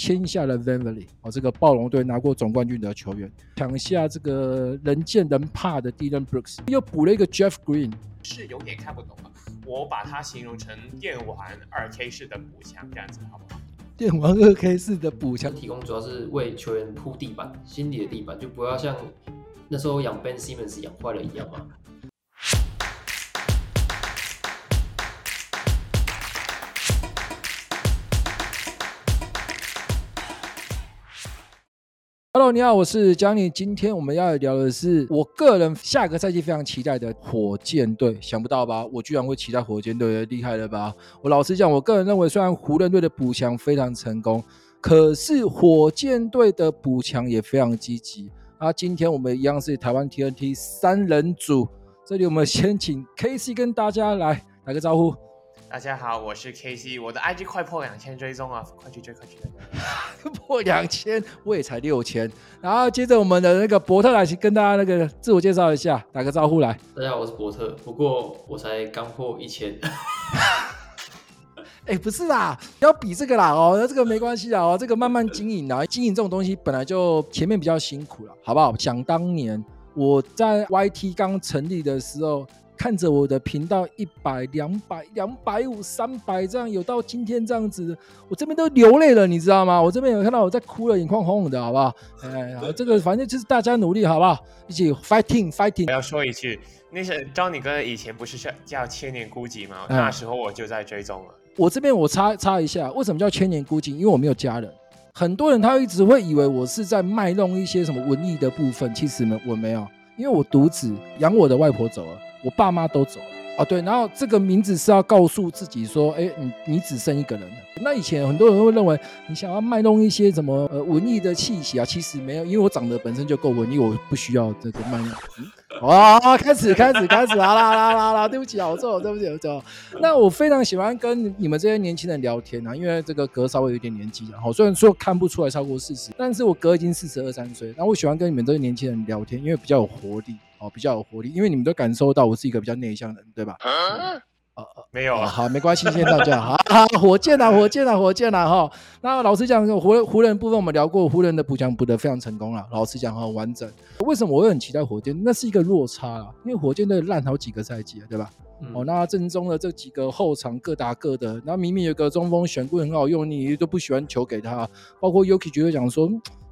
簽下了 VanVleet 哦，這個暴龍隊拿過總冠軍的球員，搶下這個人見人怕的 Dillon Brooks，又補了一個 Jeff Green，是有點看不懂啊。我把它形容成電玩二 K 式的補強，這樣子好不好？電玩二 K 式的補強提供主要是為球員鋪地板，心裡的地板，就不要像那時候養 Ben Simmons 養壞了一樣嘛。嗯 Hello，你好，我是 Johnny。今天我們要聊的是我個人下個賽季非常期待的火箭隊，想不到吧？我居然會期待火箭隊的厲害了吧？我老實講，我個人認為，雖然湖人隊的補強非常成功，可是火箭隊的補強也非常積極啊。今天我們一樣是台灣 TNT 三人組，這裡我們先請 KC 跟大家來打個招呼。大家好，我是 KC，我的 IG 快破兩千追蹤啊，快去追，快去追！破兩千，2000，我也才六千。然後接着我們的那個伯特來，跟大家那個自我介紹一下，打個招呼來。大家好，我是伯特。不過我才剛破一千。哎 欸，不是啦，要比這個啦哦、喔。那這個沒關係啦哦、喔，這個慢慢經營啦。經營這種東西本來就前面比較辛苦了，好不好？想當年我在 YT 剛成立的時候。看着我的頻道一百兩百兩百五三百這樣有到今天這樣子，我這邊都流淚了，你知道嗎？我這邊有看到我在哭了，眼眶紅紅的，好不好？嗯、哎，這個反正就是大家努力，好不好？一起 fighting fighting。我要說一句，那些張你哥以前不是叫千年孤寂嗎？那時候我就在追蹤了。嗯、我這邊我插插一下，為什麼叫千年孤寂？因為我沒有家人，很多人他一直會以為我是在賣弄一些什麼文藝的部分，其實沒我沒有，因為我獨子養我的外婆走了。我爸媽都走了啊、哦，對，然後這個名字是要告訴自己說，哎、欸，你你只剩一個人了。那以前很多人會認為你想要賣弄一些什麼呃文藝的氣息啊，其實沒有，因為我長得本身就夠文藝，我不需要這個賣弄。 啊，開始開始開始，啦啦啦啦啦，對不起，我錯了，對不起，我錯了。那我非常喜歡跟你們這些年輕人聊天啊，因為這個哥稍微有點年紀，然後雖然說看不出來超過四十，但是我哥已經四十二三歲。那我喜歡跟你們這些年輕人聊天，因為比較有活力。哦，比較有活力，因為你們都感受到我是一個比較內向的人，對吧？啊，沒有啊、嗯，好，沒關係，先到這。好，火箭啊，火箭啊，火箭啊。哈、啊。那老實講，湖湖人部分我們聊過，湖人的補強補得非常成功啊。老實講，很完整。為什麼我會很期待火箭？那是一個落差啊，因為火箭都爛好幾個賽季了、啊，對吧？嗯、哦，那陣中的這幾個後場各打各的，那明明有個中鋒選貴很好用，你都不喜歡球給他，包括 Yuki 覺得講說。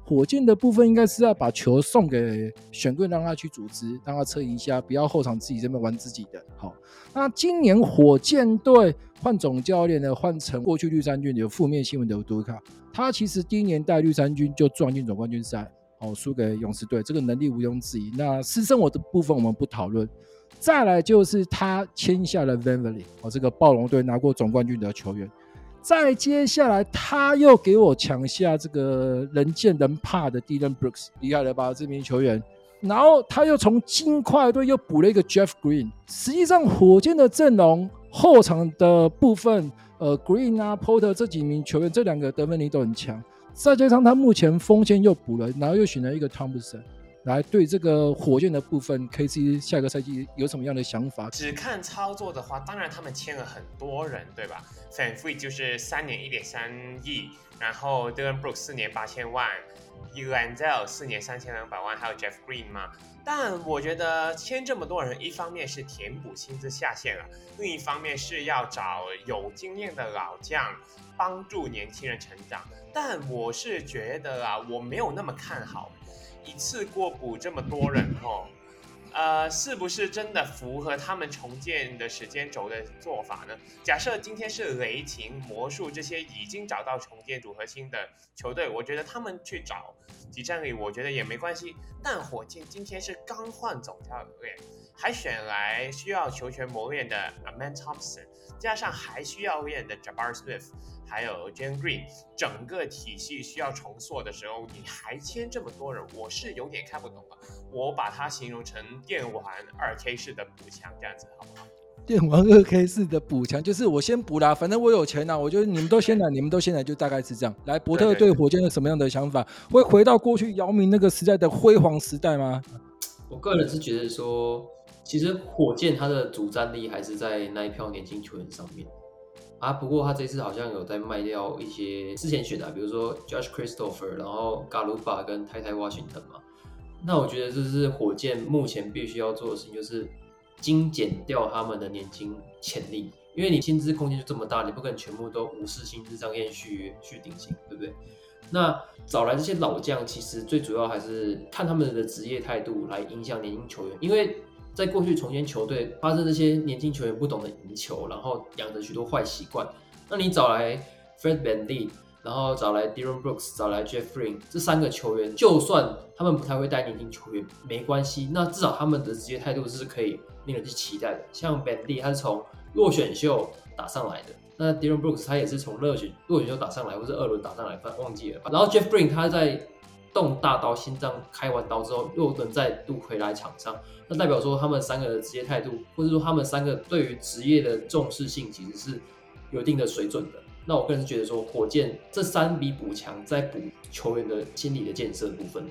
火箭的部分應該是要把球送給選貴，讓他去組織，讓他策應一下，不要後場自己這邊玩自己的。好、哦，那今年火箭隊換總教練呢，換成過去綠衫軍有負面新聞的烏杜卡，他其實第一年帶綠衫軍就闖進總冠軍賽，哦，輸給勇士隊，這個能力毋庸置疑。那私生活的部分我們不討論。再來就是他簽下了 VanVleet 哦，這個暴龍隊拿過總冠軍的球員。再接下來，他又給我搶下這個人見人怕的 Dillon Brooks，厲害了吧？這名球員，然後他又從金塊隊又補了一個 Jeff Green。實際上，火箭的陣容後場的部分，呃，Green 啊 Porter 這幾名球員，這兩個得分力都很強。再加上他目前鋒線又補了，然後又選了一個湯普森。來對這個火箭的部分，KC 下個賽季有什麼樣的想法？只看操作的話，當然他們簽了很多人，對吧？VanVleet 就是三年一點三億，然後 Dillon Brooks 四年八千萬，Landale 四年三千兩百萬，還有 Jeff Green 嘛。但我覺得簽這麼多人，一方面是填補薪資下限了，另一方面是要找有經驗的老將幫助年輕人成長。但我是覺得啊，我沒有那麼看好。一次過補這麼多人哦，呃，是不是真的符合他們重建的時間軸的做法呢？假設今天是雷霆、魔術這些已經找到重建組核心的球隊，我覺得他們去找即戰力，我覺得也沒關係。但火箭今天是剛換總教練，還選來需要球權磨練的 Amen Thompson，加上還需要練的 Jabari Smith，還有 Jalen Green，整個體系需要重塑的時候，你還簽這麼多人，我是有點看不懂啊。我把它形容成電玩二 K 式的補強，這樣子好不好？電玩二 K 式的補強就是我先補啦，反正我有錢吶，我覺得你們都先來， 你們都先來，就大概是這樣。來，波特對火箭有什麼樣的想法？會回到過去姚明那個時代的輝煌時代嗎？我個人是覺得說。其實火箭它的主戰力還是在那一票年輕球員上面啊，不過他這次好像有在賣掉一些之前選的、啊，比如說 Josh Christopher，然後 Garuba 跟 TyTy Washington 嘛，那我覺得這是火箭目前必須要做的事情，就是精簡掉他們的年輕潛力，因為你薪資空間就這麼大，你不可能全部都無視薪資上限續約頂薪，對不對？那找來這些老將，其實最主要還是看他們的職業態度來影響年輕球員，因為。在過去重建球隊，發現這些年輕球員不懂得贏球，然後養成許多壞習慣。那你找來 Fred Bandy，然後找來 Dillon Brooks，找來 Jeff Green 這三個球員，就算他們不太會帶年輕球員，沒關係。那至少他們的職業態度是可以令人去期待的。像 Bandy，他是從落選秀打上來的。那 Dillon Brooks 他也是從落選落選秀打上來，或是二輪打上來，反正忘記了。然後 Jeff Green 他在動大刀心臟開完刀之後，又能再度回來場上，那代表說他們三個的職業態度，或者說他們三個對於職業的重視性，其實是有一定的水準的。那我個人是覺得說，火箭這三筆補強，在補球員的心理的建設的部分。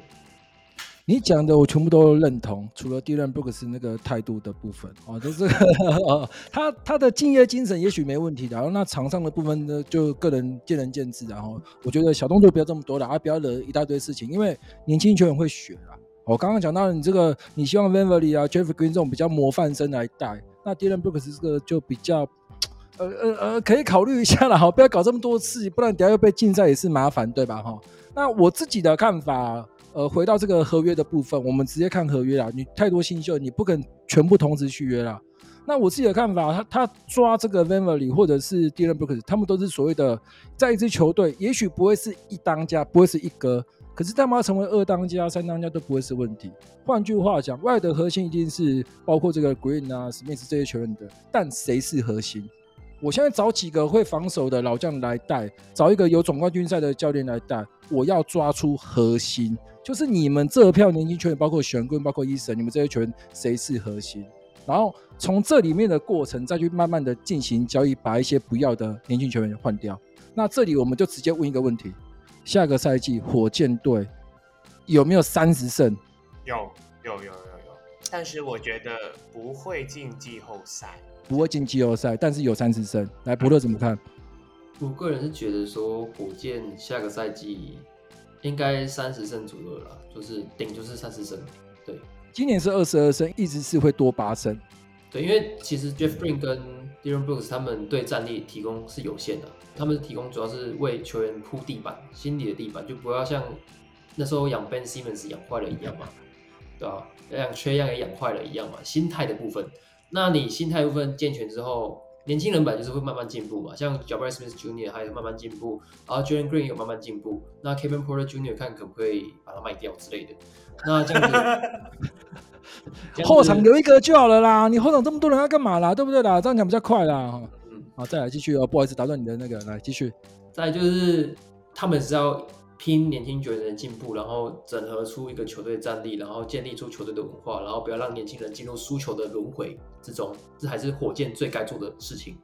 你講的我全部都認同，除了 Dillon Brooks 那個態度的部分哦，就是、這個哦、他他的敬業精神也許沒問題的，然後那場上的部分呢就個人見仁見智的，然後我覺得小動作不要這麼多了、啊，不要惹一大堆事情，因為年輕球員會學啦。我剛剛講到你這個，你希望 VanVleet 啊、Jeff Green 這種比較模範生來帶，那 Dillon Brooks 這個就比較呃呃呃，可以考慮一下啦。好，不要搞這麼多事，不然等下又被禁賽也是麻煩，對吧？哈、哦，那我自己的看法。呃，回到這個合約的部分，我們直接看合約啦，你太多新秀，你不可能全部同時續約啦。那我自己的看法，他他抓這個 VanVleet 或者是 Dillon Brooks，他們都是所謂的在一支球隊，也許不會是一當家，不會是一哥，可是他們要成為二當家、三當家都不會是問題。換句話講，外的核心一定是包括這個 Green 啊、Smith 這些球員的，但誰是核心？我現在找幾個會防守的老將來帶，找一個有總冠軍賽的教練來帶。我要抓出核心，就是你們這票年輕球員，包括玄龜，包括伊森，你們這些球員誰是核心？然後從這裡面的過程再去慢慢的進行交易，把一些不要的年輕球員換掉。那這裡我們就直接問一個問題：下個賽季火箭隊有沒有三十勝？有，有，有，有，有。但是我覺得不會進季後賽，不會進季後賽，但是有三十勝。來，伯樂怎麼看？啊，我個人是覺得說，火箭下個賽季應該三十勝左右了，就是頂就是三十勝。對，今年是二十二勝，一直是會多八勝。對，因為其實 Jeff Green 跟 Dillon Brooks 他們對戰力提供是有限的，他們提供主要是為球員鋪地板，心理的地板，就不要像那時候養 Ben Simmons 養壞了一樣嘛。嗯對啊，像缺氧也養壞了一樣嘛，心態的部分。那你心態部分健全之後，年輕人本來就是會慢慢進步嘛。像 Jabari Smith Junior 還有慢慢進步，然後 Jalen Green 有慢慢進步。那 Kevin Porter Junior 看可不可以把它賣掉之類的。那這樣子後場留一個就好了啦，你後場這麼多人要幹嘛啦？對不對啦？這樣講比較快啦。嗯。好，再來繼續。呃、哦，不好意思打斷你的那個，來繼續。再來就是他們是要。拼年輕球員的進步，然後整合出一個球隊戰力，然後建立出球隊的文化，然後不要讓年輕人進入輸球的輪回之中，這還是火箭最該做的事情。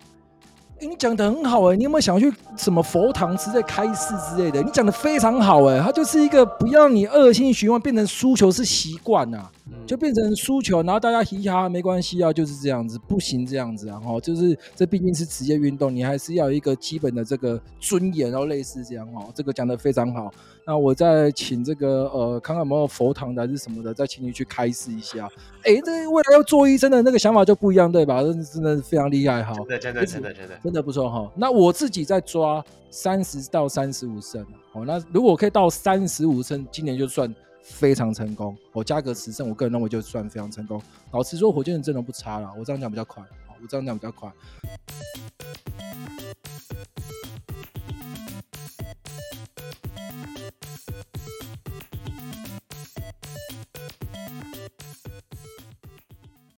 你講的很好哎、欸，你有沒有想去什麼佛堂之類開示之類的？你講的非常好哎、欸，他就是一個不要讓你惡性循環變成輸球是習慣吶，就變成輸球，然後大家嘻嘻哈哈沒關係啊，就是這樣子，不行這樣子，啊，然後就是這畢竟是職業運動，你還是要一個基本的這個尊嚴，然後類似這樣哦，這個講的非常好，那我再請這個呃，看看有沒有佛堂的還是什麼的，再請你去開示一下。哎、欸，這未來要做醫生的那個想法就不一樣，對吧？真的真的非常厲害哈！對對真的真的真的。真的不錯哈，那我自己在抓三十到三十五勝，那如果可以到三十五勝，今年就算非常成功。我加個十勝，我個人認為就算非常成功。老實說，火箭的陣容不差了，我這樣講比較快，我這樣講比較快。